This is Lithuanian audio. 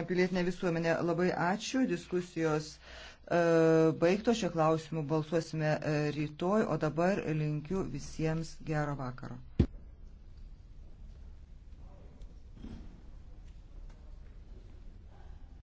skatiname pilietinę visuomenę. Labai ačiū, diskusijos e, baigto šio klausimu balsuosime e, rytoj, o dabar linkiu visiems gero vakaro.